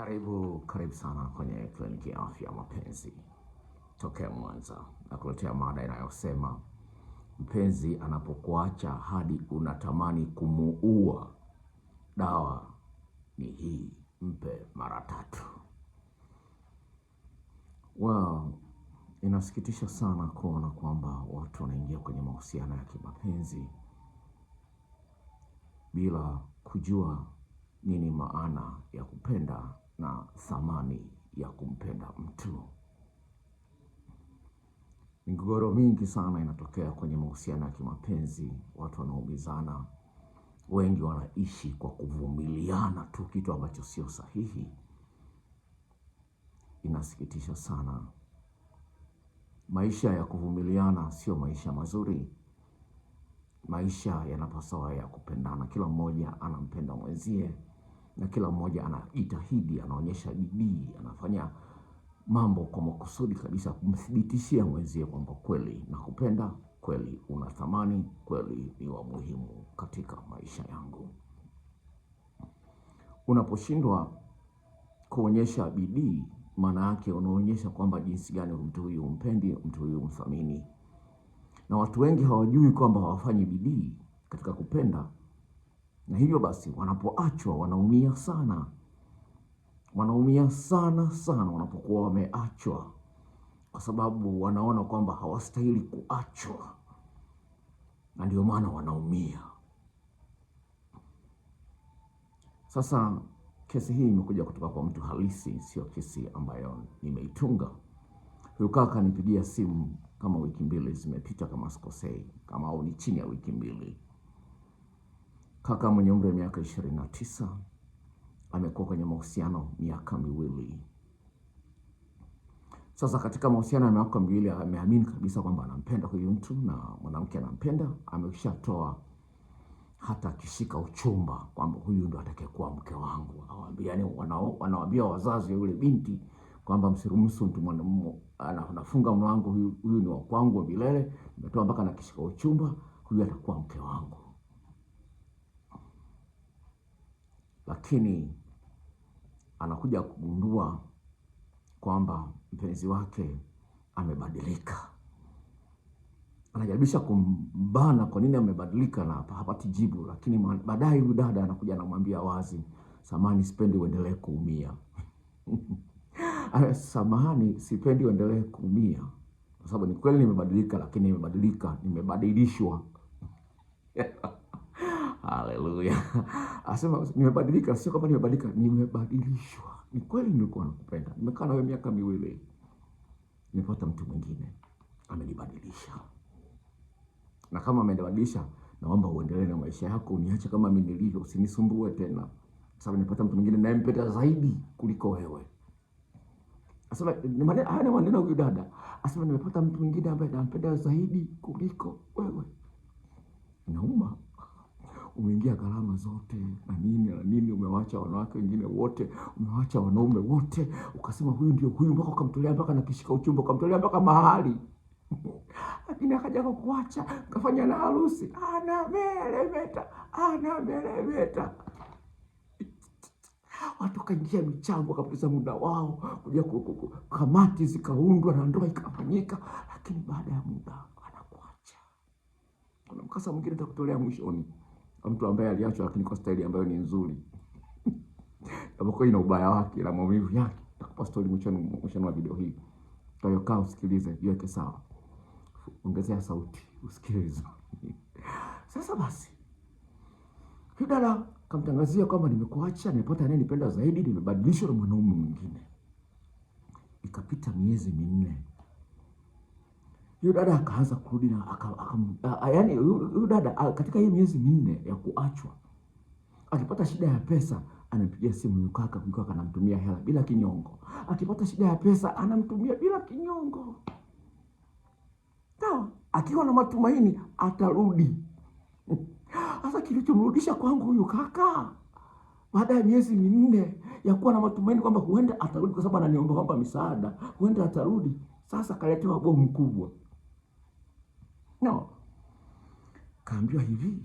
Karibu, karibu sana kwenye kliniki ya afya ya mapenzi tokea Mwanza na kuletea mada inayosema mpenzi anapokuacha hadi unatamani kumuua, dawa ni hii, mpe mara tatu. Well, inasikitisha sana kuona kwamba watu wanaingia kwenye mahusiano ya kimapenzi bila kujua nini maana ya kupenda na thamani ya kumpenda mtu. Migogoro mingi sana inatokea kwenye mahusiano ya kimapenzi, watu wanaumizana, wengi wanaishi kwa kuvumiliana tu, kitu ambacho sio sahihi. Inasikitisha sana. Maisha ya kuvumiliana sio maisha mazuri. Maisha yanapaswa ya kupendana, kila mmoja anampenda mwenzie na kila mmoja anajitahidi, anaonyesha bidii, anafanya mambo kwa makusudi kabisa kumthibitishia mwenzie kwamba kweli nakupenda, kweli una thamani, kweli ni wa muhimu katika maisha yangu. Unaposhindwa kuonyesha bidii, maana yake unaonyesha kwamba jinsi gani mtu huyu umpendi, mtu huyu umthamini, na watu wengi hawajui kwamba hawafanyi bidii katika kupenda na hivyo basi wanapoachwa wanaumia sana, wanaumia sana sana wanapokuwa wameachwa, kwa sababu wanaona kwamba hawastahili kuachwa, na ndio maana wanaumia. Sasa kesi hii imekuja kutoka kwa mtu halisi, sio kesi ambayo nimeitunga. Huyu kaka nipigia simu kama wiki mbili zimepita, kama sikosei, kama au ni chini ya wiki mbili mpaka mwenye umri wa miaka ishirini na tisa amekuwa kwenye mahusiano miaka miwili sasa. Katika mahusiano ya miaka miwili ameamini kabisa kwamba anampenda huyu mtu na mwanamke anampenda, ameshatoa hata akishika uchumba kwamba huyu ndo atakayekuwa mke wangu. Yani wanawaambia yaani wazazi yule binti kwamba msiruhusu mtu anafunga mlango, huyu ni wa kwangu wa milele, nimetoa mpaka na kishika uchumba, huyu atakuwa mke wangu. lakini anakuja kugundua kwamba mpenzi wake amebadilika. Anajaribisha kumbana kwa nini amebadilika, na hapati jibu, lakini baadaye huyu dada anakuja anamwambia wazi, samahani, sipendi uendelee kuumia samahani, sipendi uendelee kuumia kwa sababu ni kweli nimebadilika, lakini nimebadilika, nimebadilishwa Haleluya. Asema nimebadilika, sio kama nimebadilika, nimebadilishwa. Ni kweli nilikuwa nakupenda. Nimekaa nawe miaka miwili. Nimepata mtu mwingine. Amenibadilisha. Na kama amenibadilisha, naomba uendelee na maisha yako, uniache kama mimi nilivyo, usinisumbue tena. Sababu nimepata mtu mwingine naye mpenda zaidi kuliko wewe. Asema ni maneno haya, ni maneno huyu dada. Asema nimepata mtu mwingine ambaye nampenda zaidi kuliko wewe. Nauma umeingia gharama zote na nini na nini, umewacha wanawake wengine wote, umewacha wanaume wote, ukasema huyu ndio huyu, mpaka ukamtolea mpaka na kishika uchumba, ukamtolea mpaka mahali lakini akaja kukuacha, kafanya na harusi, ana meremeta watu kaingia michango kabisa muda wao kuja kamati zikaundwa na ndoa ikafanyika, lakini baada ya muda anakuacha. Kuna mkasa mwingine takutolea mwishoni mtu ambaye aliachwa, lakini kwa staili ambayo ni nzuri, ambayo ina ubaya wake na maumivu yake. Nitakupa story mwishoni wa video hii. Kwa hiyo kaa usikilize, jiweke sawa, ongezea sauti, usikilize sasa. Basi Dada kamtangazia kwamba nimekuacha, nimepata anayenipenda zaidi, nimebadilishwa na mwanaume mwingine. Ikapita miezi minne. Yule dada akaanza kurudi na yaani yule dada katika hiyo miezi minne ya kuachwa akipata shida ya pesa anampigia simu kaka, kaka anamtumia hela bila kinyongo. Akipata shida ya pesa anamtumia bila kinyongo, sawa, akiwa na matumaini atarudi. Sasa kilichomrudisha kwangu huyu kaka baada ya miezi minne ya kuwa na matumaini kwamba huenda atarudi, kwa sababu ananiomba kwamba misaada, huenda atarudi. Sasa kaletewa bomu kubwa. No, kaambiwa hivi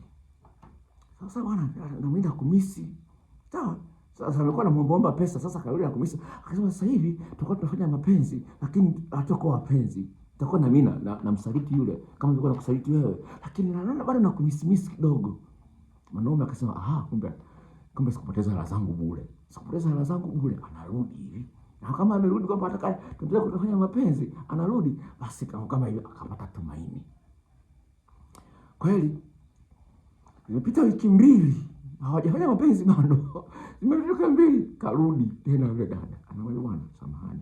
sasa, bwana naenda kumisi. Sawa, sasa amekuwa namwombaomba pesa, sasa kauli ya kumisi, akasema sasa hivi tutakuwa tunafanya mapenzi, lakini hatakuwa wapenzi, tutakuwa na mimi na na msaliti yule, kama nilikuwa nakusaliti wewe, lakini naona bado nakumisimisi kidogo. Mwanaume akasema ah, kumbe kumbe sikupoteza hela zangu bure, sikupoteza hela zangu bure. Anarudi hivi na kama amerudi kwamba atakaye tuendelee kufanya mapenzi, anarudi basi kama hivyo, akapata tumaini. Kweli imepita wiki mbili hawajafanya mapenzi bado, zimetoka mbili. Karudi tena yule dada anamwambia, bwana, samahani,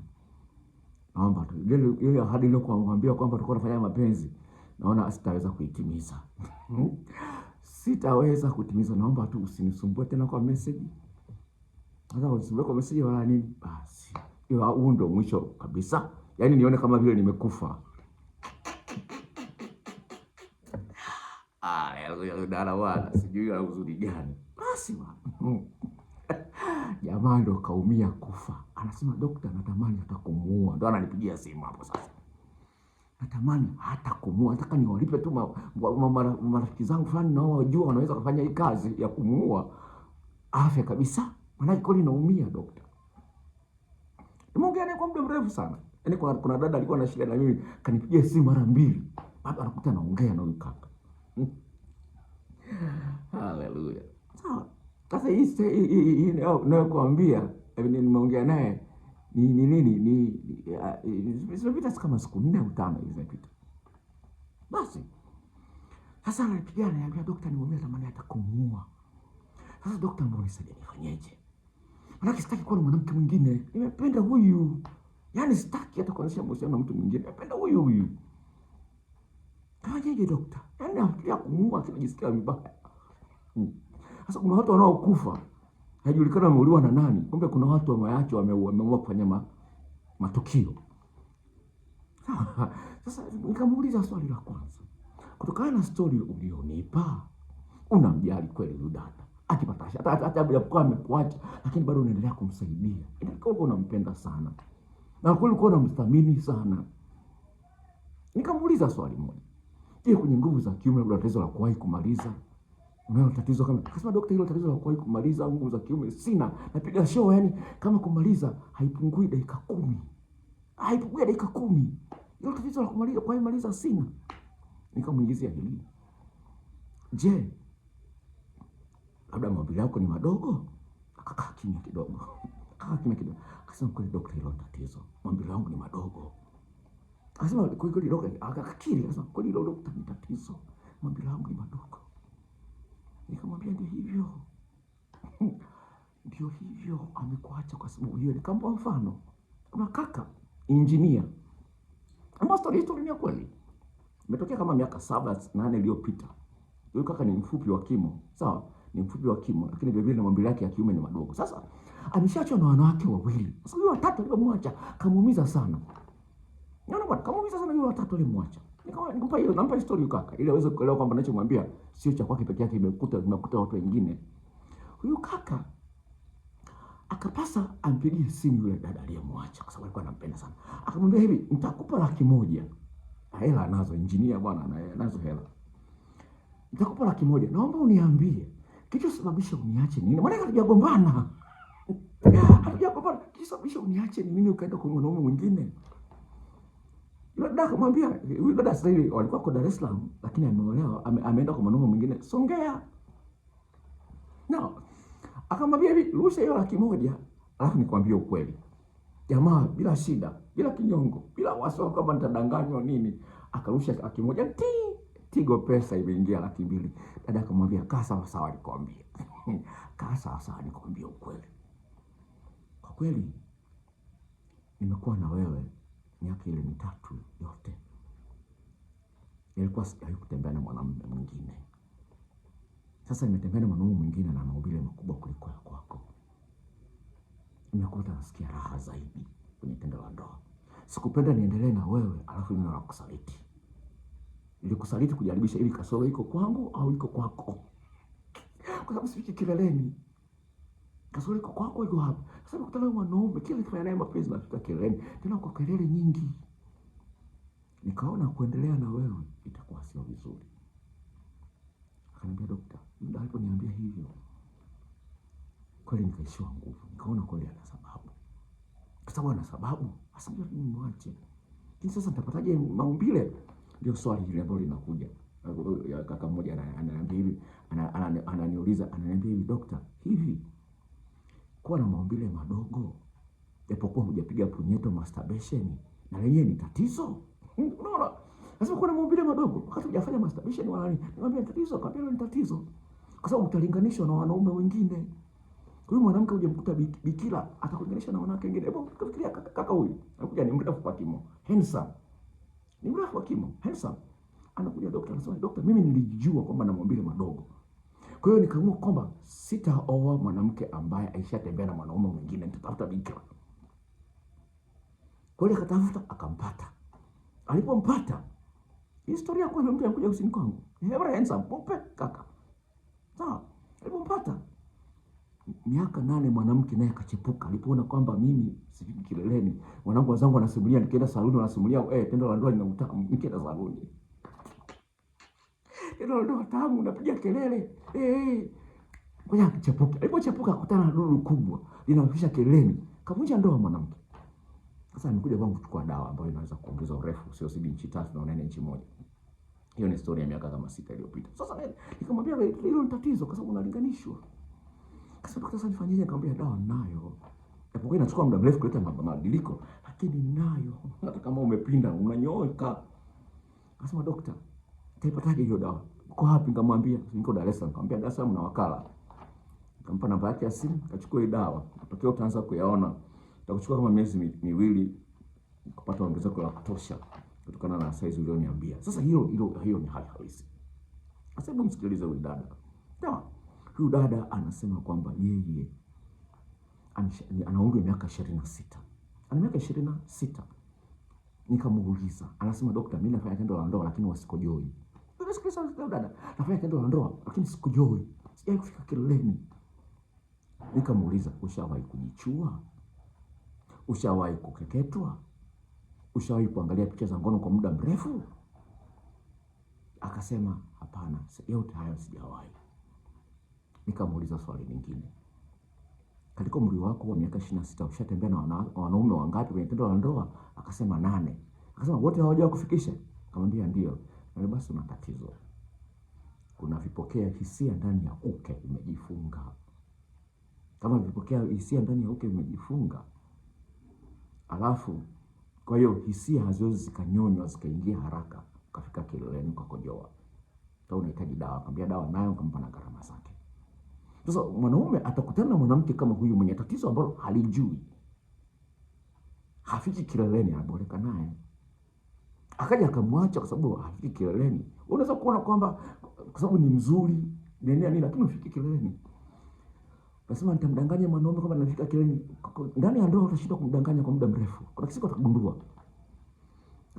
naomba tu ile ahadi ile kuambia kwamba tulikuwa tunafanya mapenzi, naona sitaweza kuitimiza sitaweza kutimiza, naomba tu usinisumbue tena kwa message. Sasa usinisumbue kwa message wala nini, basi hiyo, huo ndio mwisho kabisa, yaani nione kama vile nimekufa. darawala sijui ya uzuri gani basi jamaa ndo kaumia kufa, anasema dokta, natamani hata kumuua. Ndo ananipigia simu hapo sasa, natamani hata kumuua, nataka niwalipe tu marafiki zangu fulani nao wajua wanaweza kufanya hii kazi ya kumuua afya kabisa, maanake kweli naumia dokta. Nimeongea naye kwa muda mrefu sana, yaani kuna, kuna dada alikuwa na shida na mimi, kanipigia simu mara mbili, bado anakuta naongea na huyu kaka hmm. Haleluya. Sawa. Sasa hii nayokuambia nimeongea naye ni nini ni ah, zimepita kama siku nne au tano zimepita. Basi sasa anapigia ananiambia, dokta, nimeumia zamani hata kumuua. Sasa dokta, mbona nisaidie nifanyeje? Maana sitaki kuwa na mwanamke mwingine, nimependa huyu. Yaani sitaki hata kuanzisha mahusiano na mtu mwingine, nimependa huyu huyu. Tawajeje dokta? Yaani nafikiria kumuua lakini najisikia vibaya. Hmm. Sasa kuna watu wanaokufa. Hajulikana wameuliwa na nani. Kumbe kuna watu wameacha wameamua kufanya ma, matukio. Sasa nikamuuliza swali la kwanza. Kutokana na stori ulionipa, unamjali kweli Dudana? Akipata hata hata bila kwa amekuacha, lakini bado unaendelea kumsaidia. Inakuwa unampenda sana. Na kweli uko unamthamini sana. Nikamuuliza swali moja pia kwenye nguvu za kiume, labda tatizo la kuwahi kumaliza. Unaona tatizo kama kasema daktari, hilo tatizo la kuwahi kumaliza, nguvu za kiume sina, napiga show, yani kama kumaliza haipungui dakika kumi, haipungui dakika kumi. Hilo tatizo la kumaliza kwa maliza sina. Nikamuingizia hili, je, labda maumbile yako ni madogo? Akakaa kimya kidogo, akakaa kimya kidogo, akasema kweli daktari, hilo tatizo maumbile yangu ni madogo Akasema akakiri, akasema kweli hilo dokta ni tatizo, mambo langu ni madogo. Nikamwambia ndio hivyo ndio hivyo, amekuacha kwa sababu hiyo. Nikampa mfano, kuna kaka engineer. ambayo story hii ni ya kweli, imetokea kama miaka saba nane iliyopita. Huyu kaka ni mfupi wa kimo, sawa, ni mfupi wa kimo, lakini vile vile na maumbile yake ya kiume ni madogo. Sasa ameshaachwa na wanawake wawili, sasa huyu watatu alimwacha kamuumiza sana. Naona bwana kama hivi sasa na yule watatu alimwacha. Nikamwambia nikampa hiyo nampa story kaka ili aweze kuelewa kwamba ninachomwambia sio cha kwake peke yake imekuta imekuta watu wengine. Huyu kaka akapasa ampigie simu yule dada aliyemwacha kwa sababu alikuwa anampenda sana. Akamwambia hivi nitakupa laki moja. Ah, hela anazo engineer bwana anazo hela. Nitakupa laki moja. Naomba uniambie kilichosababisha uniache nini? Maana hatujagombana. Hatujagombana. Kilichosababisha uniache nini ukaenda kwa mwanaume mwingine? dada akamwambia, huyu dada sasa hivi walikuwa kwa Dar es Salaam, lakini ameolewa, ame, ameenda kwa mwanaume mwingine Songea. No. Akamwambia hivi, rusha hiyo laki moja, alafu nikwambie ukweli. Jamaa bila shida, bila kinyongo, bila wasiwasi kwamba nitadanganywa nini, akarusha laki moja ti Tigo Pesa imeingia laki mbili. Dada akamwambia, kaa sawa sawa nikwambie. kaa sawa sawa nikwambie ukweli. Kwa kweli nimekuwa na wewe miaka ile mitatu yote nilikuwa sijawahi kutembea na mwanamume mwingine. Sasa nimetembea na mwanamume mwingine na maumbile makubwa kuliko ya kwako, nimekuta nasikia raha zaidi kwenye tendo la ndoa. Sikupenda niendelee na wewe, alafu nina kusaliti. Nilikusaliti kujaribisha ili kasoro iko kwangu au iko kwako, kwa sababu sifiki kileleni kasoro iko kwako, iko hapa. Sasa nakutana na mwanaume kile kifanya naye mapenzi na tuta kelele tena kwa kelele nyingi, nikaona kuendelea na wewe itakuwa sio vizuri. Akaniambia dokta, muda aliponiambia hivyo kweli nikaishiwa nguvu, nikaona kweli ana sababu, kwa sababu ana sababu asimjua ni Lakini sasa nitapataje maumbile? Ndio swali hili ambalo linakuja. Kaka mmoja ananiambia hivi, ananiuliza, ananiambia hivi, dokta, hivi kuwa na maumbile madogo, japokuwa hujapiga punyeto masturbation, na lenyewe ni tatizo. Unaona, lazima kuwa na maumbile madogo. Wakati hujafanya masturbation, wanani niambia ni tatizo, kwa ni tatizo, kwa sababu utalinganishwa na wanaume wengine. Huyu mwanamke hujamkuta bikira, atakulinganisha na wanawake wengine. Hebu fikiria, kaka huyu anakuja, ni mrefu kwa kimo, handsome, ni mrefu kwa kimo, handsome, anakuja dokta, anasema dokta, mimi nilijua kwamba na maumbile madogo kwa hiyo nikaamua kwamba sitaoa mwanamke ambaye aishatembea na mwanaume mwingine, nitatafuta bikira. Kwa hiyo akatafuta, akampata. Alipompata, historia kwa mtu anakuja usini kwangu, very handsome, pope kaka, sawa. Alipompata miaka nane, mwanamke naye akachepuka. Alipoona kwamba mimi sifiki kileleni, wanangu wazangu wanasimulia, nikienda saluni wanasimulia, eh, tendo la ndoa lina utamu, nikienda saluni hilo ndio taabu, unapiga kelele eh, eh. ngoja mchepuke. Alipochepuka akutana na dudu kubwa linamfisha keleni, kamuja ndoa mwanamke. Sasa amekuja kwangu kuchukua dawa ambayo inaweza kuongeza urefu, sio sibi inchi tatu na unaenda inchi moja. Hiyo ni story ya miaka kama sita iliyopita. Sasa nikamwambia hilo ni tatizo kwa sababu unalinganishwa. Sasa daktari nifanyeje? Nikamwambia dawa nayo. Japokuwa inachukua muda mrefu kuleta mabadiliko, lakini nayo. Hata kama umepinda unanyoka Akasema daktari, taipataje hiyo dawa? uko wapi? Nikamwambia niko Dar es Salaam. Nikamwambia Dar es Salaam na wakala, nikampa namba yake ya simu, kachukua ile dawa. Matokeo utaanza kuyaona, itakuchukua kama miezi miwili kupata ongezeko la kutosha kutokana na size ulioniambia. Sasa hiyo hiyo hiyo ni hali halisi. Sasa hebu msikilize huyu dada. Sawa? Huyu dada anasema kwamba yeye ana umri wa miaka 26. Ana miaka 26. Nikamuuliza, anasema daktari, mimi nafanya tendo la ndoa lakini wasikojoi. Yesu Kristo dada. Nafanya tendo la ndoa lakini sikujoi. Sijawahi kufika kileleni. Nikamuuliza, ushawahi kujichua? Ushawahi kukeketwa? Ushawahi kuangalia picha za ngono kwa muda mrefu? Akasema hapana, yote hayo sijawahi. Nikamuuliza swali lingine, katika umri wako wa miaka ishirini na sita ushatembea na wanaume wangapi kwenye tendo la ndoa? Akasema nane. Akasema wote hawajawahi kufikisha? Akamwambia ndio. Hivyo eh, basi una tatizo, kuna vipokea hisia ndani ya uke vimejifunga. Kama vipokea hisia ndani ya uke vimejifunga, alafu kwa hiyo hisia haziwezi zikanyonywa zikaingia haraka ukafika kileleni ukakojoa. kwa unahitaji dawa, kambia dawa nayo kampa na gharama zake. Sasa mwanaume atakutana na mwanamke kama huyu mwenye tatizo ambalo halijui, hafiki kileleni, anaboreka naye akaja akamwacha kwa sababu hafiki kileleni. Unaweza kuona kwamba kwa sababu ni mzuri nenea nini, lakini hafiki kileleni. Nasema nitamdanganya mwanaume kwamba nafika kileleni, ndani ya ndoa utashindwa kumdanganya kwa muda mrefu. Kuna siku atagundua.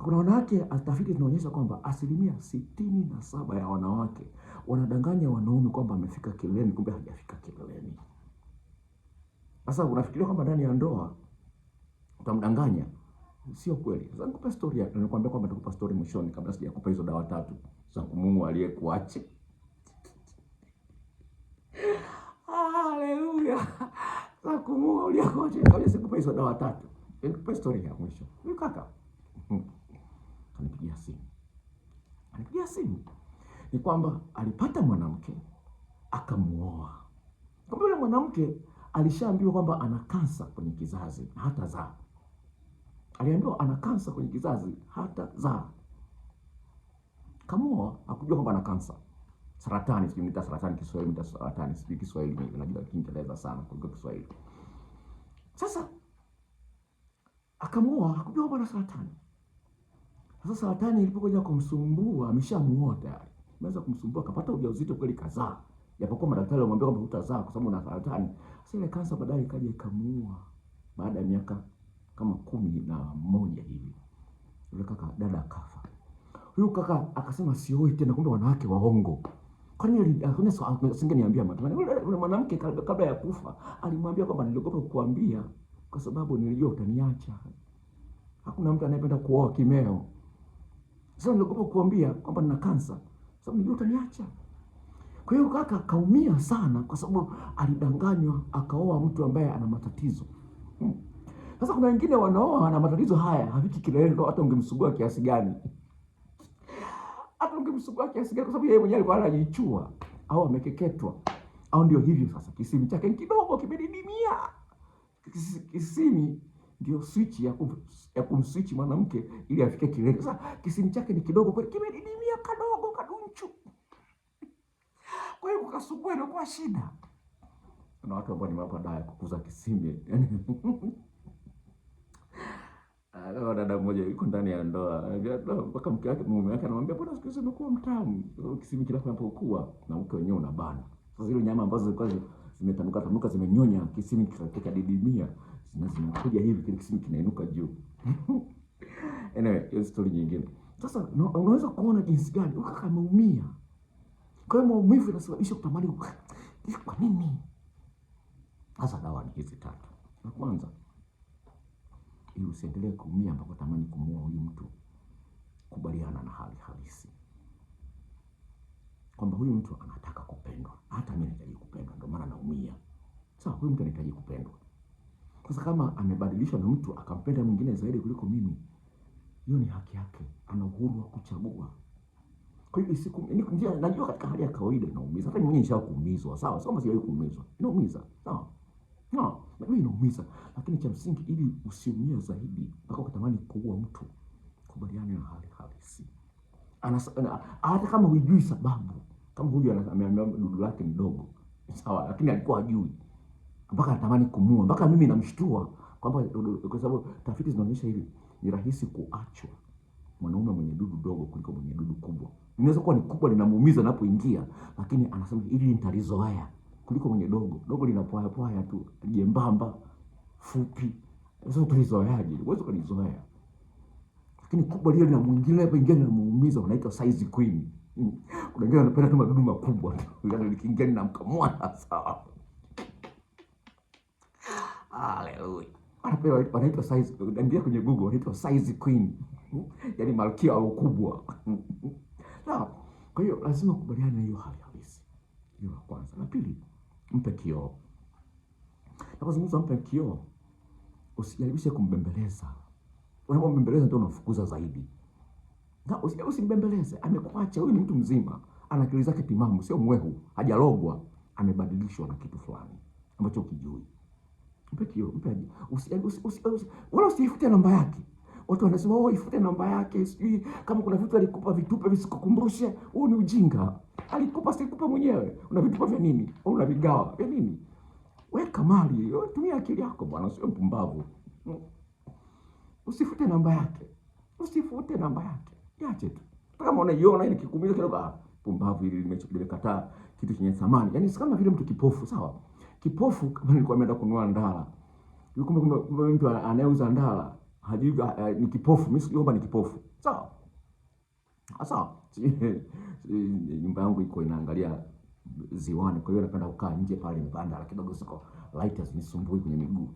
Kuna wanawake, tafiti zinaonyesha kwamba asilimia sitini na saba ya wanawake wanadanganya wanaume kwamba amefika kileleni, kumbe hajafika kileleni. Sasa unafikiria kwamba ndani ya ndoa utamdanganya sio kweli. Sasa nikupa story yake, nilikwambia kwamba nitakupa story mwishoni, kabla sijakupa hizo dawa tatu za kumuua aliyekuache. Haleluya! za kumuua aliyekuache kabla sikupa hizo dawa tatu, nikupa story ya mwisho. Huyu kaka hmm. anipigia simu, anipigia simu ni kwamba alipata mwanamke akamuoa, kwamba yule mwanamke alishaambiwa kwamba ana kansa kwenye kizazi na hata zaa aliambiwa ana kansa kwenye kizazi, hata zaa. Kamoa hakujua kwamba ana kansa, saratani. Sijui mita saratani Kiswahili, mita saratani sijui Kiswahili, najua Kiingereza sana kuliko Kiswahili. Sasa akamoa, hakujua kwamba ana saratani. Sasa saratani ilipokuja kumsumbua, ameshamuoa tayari, imeweza kumsumbua, akapata ujauzito kweli, kazaa japokuwa madaktari wamwambia kwamba hutazaa kwa sababu una saratani. Sasa ile kansa baadaye ikaja ikamuua baada ya miaka kama kumi na moja hivi. Yule kaka dada akafa. Huyu kaka akasema sioi tena, kumbe wanawake waongo. Kwani asingeniambia maana yule mwanamke kabla ya kufa alimwambia kwamba niliogopa kukuambia kwa sababu nilijua utaniacha. Hakuna mtu anayependa kuoa kimeo. Sasa niliogopa kukuambia kwamba nina kansa. Sababu nilijua utaniacha. Kwa hiyo kaka kaumia sana kwa sababu alidanganywa akaoa mtu ambaye ana matatizo. Hmm. Sasa kuna wengine wanaoa wana matatizo haya, hafiki kileleni, hata ungemsugua kiasi gani, hata ungemsugua kiasi gani, kwa sababu yeye mwenyewe alikuwa anajichua au amekeketwa au ndio hivyo. Sasa kisimi chake kidogo kimedidimia. Kisimi ndio switch ya, kum, ya kumswitch mwanamke ili afike kileleni. Sasa kisimi chake ni kidogo kweli, kimedidimia kadogo kadunchu, kwa hiyo kukasugua inakuwa shida. Kuna watu ambao ni mabadaya kukuza kisimi Leo ah, dada mmoja yuko ndani ya ndoa. Mpaka mke wake mume wake anamwambia bwana siku hizi umekuwa mtamu. Kisimi kila kinapokuwa na mke wenyewe unabana. Sasa zile nyama ambazo zilikuwa zimetanuka tanuka zimenyonya kisimi kikadidimia. Na zinakuja hivi kile kisimi kinainuka juu. Anyway, hiyo story nyingine. Sasa no, unaweza kuona jinsi gani ukaka ameumia. Kwa hiyo maumivu yanasababisha kutamani kwa nini? Hasa dawa ni hizi tatu. La kwanza ili usiendelee kuumia mpaka tamani kumuua huyu mtu. Kubaliana na hali halisi kwamba huyu mtu anataka kupendwa, hata mimi nahitaji kupendwa, ndio maana naumia. Sawa, huyu mtu anahitaji kupendwa. Sasa kama amebadilishwa na mtu akampenda mwingine zaidi kuliko mimi, hiyo ni haki yake, ana uhuru wa kuchagua. Kwa hiyo siku ndio yaani najua katika hali ya kawaida naumiza, hata mimi nishakuumizwa. Sawa, sio msiwe kuumizwa, naumiza. Sawa, sawa na mimi inaumiza, lakini cha msingi, ili usiumie zaidi mpaka ukatamani kuua mtu, kubaliane na hali halisi. Hata kama hujui sababu, kama huyu ameambiwa dudu lake mdogo, sawa, lakini alikuwa hajui mpaka anatamani kumua, mpaka mimi namshtua kwamba, kwa sababu tafiti zinaonyesha hivi, ni rahisi kuachwa mwanaume mwenye dudu dogo kuliko mwenye dudu kubwa. Inaweza kuwa ni kubwa linamuumiza anapoingia, lakini anasema ili nitalizoea kuliko kwenye dogo. Dogo lina pwaya pwaya tu, jembamba, fupi. Sasa utalizoeaje? Uweze kulizoea. Lakini kubwa lile lina mwingine hapa ingine na muumiza unaitwa size queen. Kuna ngine anapenda tu madudu makubwa. Yaani likiingia linamkamua sasa. Haleluya. Anapewa anaitwa size, ndio kwenye Google anaitwa size queen. Yaani malkia au kubwa. Sawa. kwa hiyo lazima kubaliana na hiyo hali halisi. Hiyo ya kwanza. Na pili, mpe kioo. Napozungumza mpe kioo, usijaribishe kumbembeleza. Unapobembeleza ndio unafukuza zaidi. usimbembeleze, amekuacha. Huyu ni mtu mzima, ana akili zake timamu, sio mwehu, hajalogwa, amebadilishwa na kitu fulani ambacho ukijui. Mpe kioo, mpe, wala usifute namba yake. Watu wanasema oh, ifute namba yake, sijui kama kuna vitu alikupa vitupe visikukumbushe. Huu ni ujinga. Alikupa sikupe mwenyewe, una unavitupa vya nini? Au unavigawa vya nini? Weka mali, tumia akili yako bwana, sio mpumbavu. Usifute namba yake, usifute namba yake, iache tu. Kama unaiona ile ikikuumiza kidogo, ah, pumbavu, hili limekataa kitu chenye thamani. Yani si kama vile mtu kipofu, sawa? Kipofu kama nilikuwa nimeenda kununua ndala, yuko mtu anayeuza ndala hajui uh, ni kipofu. Mimi sikuomba ni kipofu, sawa ah, sawa. nyumba yangu iko inaangalia ziwani, kwa hiyo napenda kukaa nje pale, lakini bado siko light nisumbui kwenye miguu.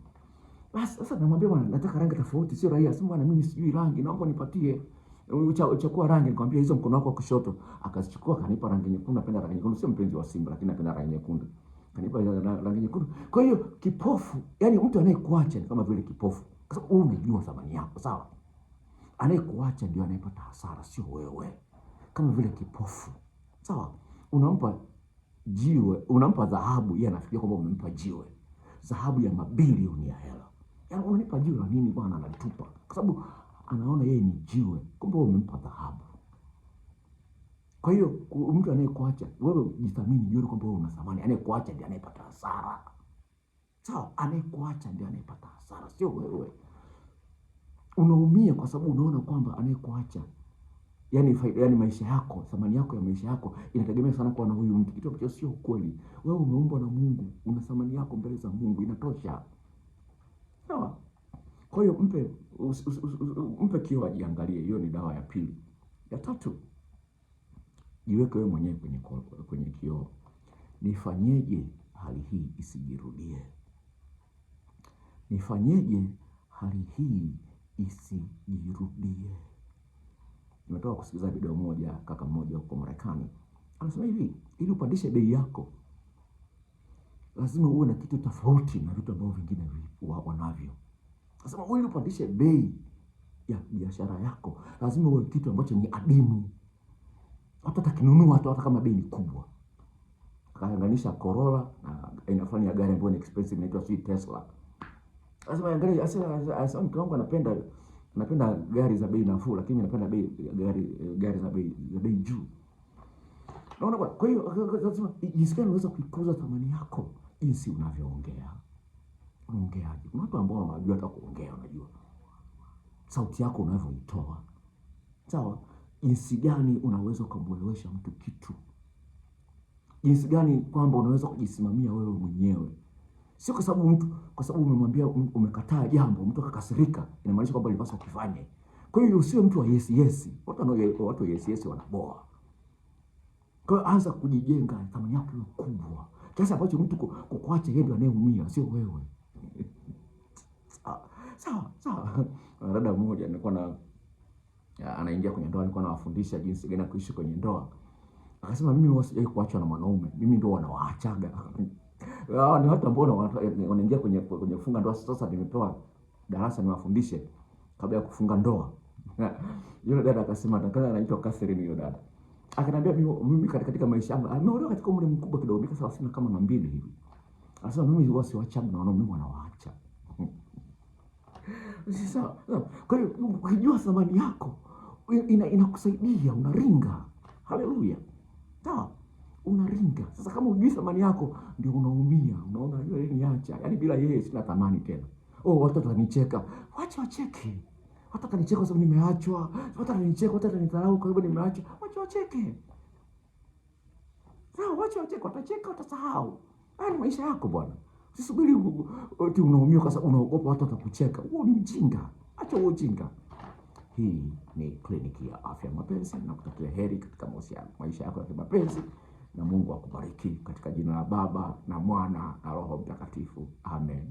Basi sasa namwambia bwana, nataka rangi tofauti, sio raia. Sema bwana, mimi sijui rangi, naomba nipatie uchakua rangi. Nikamwambia hizo mkono wako wa kushoto, akazichukua akanipa rangi nyekundu. Napenda rangi nyekundu, sio mpenzi wa Simba, lakini napenda rangi nyekundu kanipa rangi nyekundu. Kwa hiyo kipofu, yani mtu anayekuacha ni kama vile kipofu. Sasa umejua thamani yako, sawa? Anayekuacha ndio anayepata hasara, sio wewe. Kama vile kipofu, sawa? Unampa jiwe, unampa dhahabu, yeye anafikiria kwamba umempa jiwe, dhahabu ya mabilioni ya hela. Yaani unanipa jiwe la nini bwana? Anatupa kwa sababu anaona yeye ni jiwe, kumbe umempa dhahabu. Kwa hiyo mtu anayekuacha wewe, jithamini, jioni kwamba wewe una thamani. Anayekuacha ndiye anayepata hasara sawa, anayekuacha ndio anayepata hasara, sio wewe. Unaumia kwa sababu unaona kwamba anayekuacha yani faida, yani maisha yako, thamani yako ya maisha yako inategemea sana kwa na huyu mtu, kitu ambacho sio kweli. Wewe umeumbwa na Mungu, una thamani yako mbele za Mungu, inatosha. Sawa. Kwa hiyo mpe mpe kio ajiangalie. Hiyo ni dawa ya pili. Ya tatu, jiweke wewe mwenyewe kwenye kwenye kioo. Nifanyeje hali hii isijirudie? nifanyeje hali hii isijirudie? Nimetoka kusikiliza video moja, kaka mmoja huko Marekani anasema hivi, ili upandishe bei yako lazima uwe na kitu tofauti na vitu ambavyo vingine wanavyo. Anasema ili upandishe bei ya biashara yako lazima uwe kitu ambacho ni adimu, hata takinunua hata kama bei ni kubwa. Akaanganisha Corolla na aina fulani ya gari ambayo ni expensive inaitwa Tesla lazima angalie hasa hasa mke wangu anapenda anapenda gari za bei nafuu, lakini anapenda bei gari gari za bei za bei juu. Naona kwa Kwa hiyo lazima jinsi gani unaweza kuikuza thamani yako jinsi unavyoongea. Unaongeaje? Kuna watu ambao wanajua hata kuongea, unajua sauti yako unavyoitoa, sawa. Jinsi gani unaweza ukamwelewesha mtu kitu, jinsi gani kwamba unaweza kujisimamia wewe mwenyewe Sio kwa sababu mtu, kwa sababu umemwambia um, umekataa jambo, mtu akakasirika, inamaanisha kwamba ulipaswa kufanye. Kwa hiyo usiwe mtu wa yes yes. Watu wanao yes, watu yes yes wanaboa. Kwa hiyo anza kujijenga, thamani yako ni kubwa. Kiasi ambacho mtu kukuacha yeye ndio anayeumia, sio wewe. Sawa, sawa. Dada mmoja nilikuwa na anaingia kwenye ndoa, nilikuwa nawafundisha jinsi gani ya kuishi kwenye ndoa. Akasema mimi huwa sijawahi kuachwa na mwanaume, mimi ndio wanawaachaga. Hao ah, ni watu ambao eh, wanaingia kwenye kwenye kufunga ndoa. Sasa nimepewa darasa niwafundishe kabla ya kufunga ndoa. Yule dada akasema, atakana anaitwa Catherine yule dada. Akaniambia mimi katika maisha yangu ameolewa katika umri mkubwa kidogo, miaka 30 kama na mbili hivi. Anasema mimi huwa siwachana na wanaume wanawaacha. Sasa kwa hiyo ukijua thamani yako inakusaidia, ina unaringa. Haleluya, sawa unaringa. Sasa kama hujui thamani yako, ndio unaumia, unaona niacha, yaani bila yeye sina thamani tena. Oh, watu watanicheka, wacha wacheke, watu watanicheka kwa sababu nimeachwa, watu watanicheka, watu watanidharau kwa sababu nimeachwa. Wacha wacheke, sawa, wacha wacheke, watacheka, watasahau. Haya ni maisha yako bwana, usisubiri eti unaumia kwa sababu unaogopa watu watakucheka. Huo ni ujinga, acha huo ujinga. Hii ni kliniki ya afya mapenzi na kutakia heri katika mahusiano, maisha yako ya kimapenzi na Mungu akubariki katika jina la Baba na Mwana na Roho Mtakatifu. Amen.